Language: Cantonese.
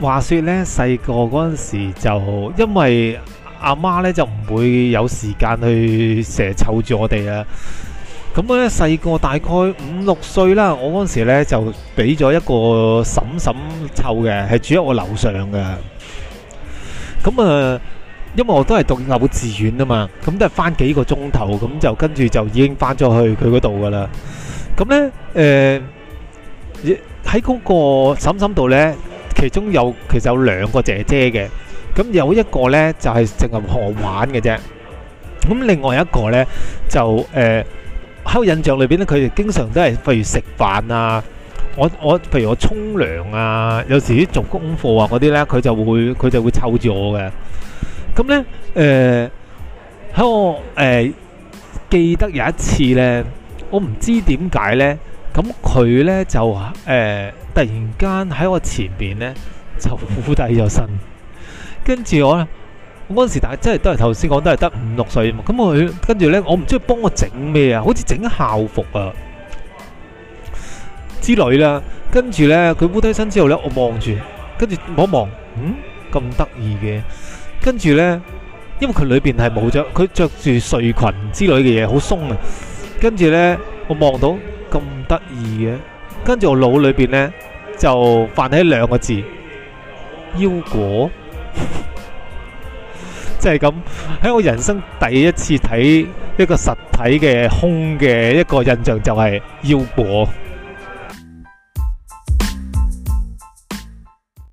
話說咧，細個嗰陣時就因為阿媽咧就唔會有時間去成日湊住我哋啊。咁咧，細個大概五六歲啦，我嗰陣時咧就俾咗一個嬸嬸湊嘅，係住喺我樓上嘅。咁啊，因為我都係讀幼稚園啊嘛，咁都係翻幾個鐘頭，咁就跟住就已經翻咗去佢嗰度噶啦。咁咧，誒，喺嗰個嬸嬸度咧。其中有其實有兩個姐姐嘅，咁有一個呢就係淨係學玩嘅啫，咁另外一個呢，就誒喺、呃、我印象裏邊咧，佢哋經常都係譬如食飯啊，我我譬如我沖涼啊，有時做功課啊嗰啲呢，佢就會佢就會湊住我嘅。咁呢，誒、呃、喺我誒、呃、記得有一次呢，我唔知點解呢。咁佢咧就誒突然間喺我前邊咧就烏低咗身，跟住我咧，嗰陣時大家真係都係頭先講都係得五六歲啊嘛。咁佢跟住咧，我唔知佢幫我整咩啊，好似整校服啊之類啦。跟住咧佢烏低身之後咧，我望住，跟住我望一望，嗯，咁得意嘅。跟住咧，因為佢裏邊係冇著，佢著住睡裙之類嘅嘢，好鬆啊。跟住呢，我望到咁得意嘅，跟住我腦裏邊呢就泛起兩個字——腰果，即係咁喺我人生第一次睇一個實體嘅胸嘅一個印象就係腰果。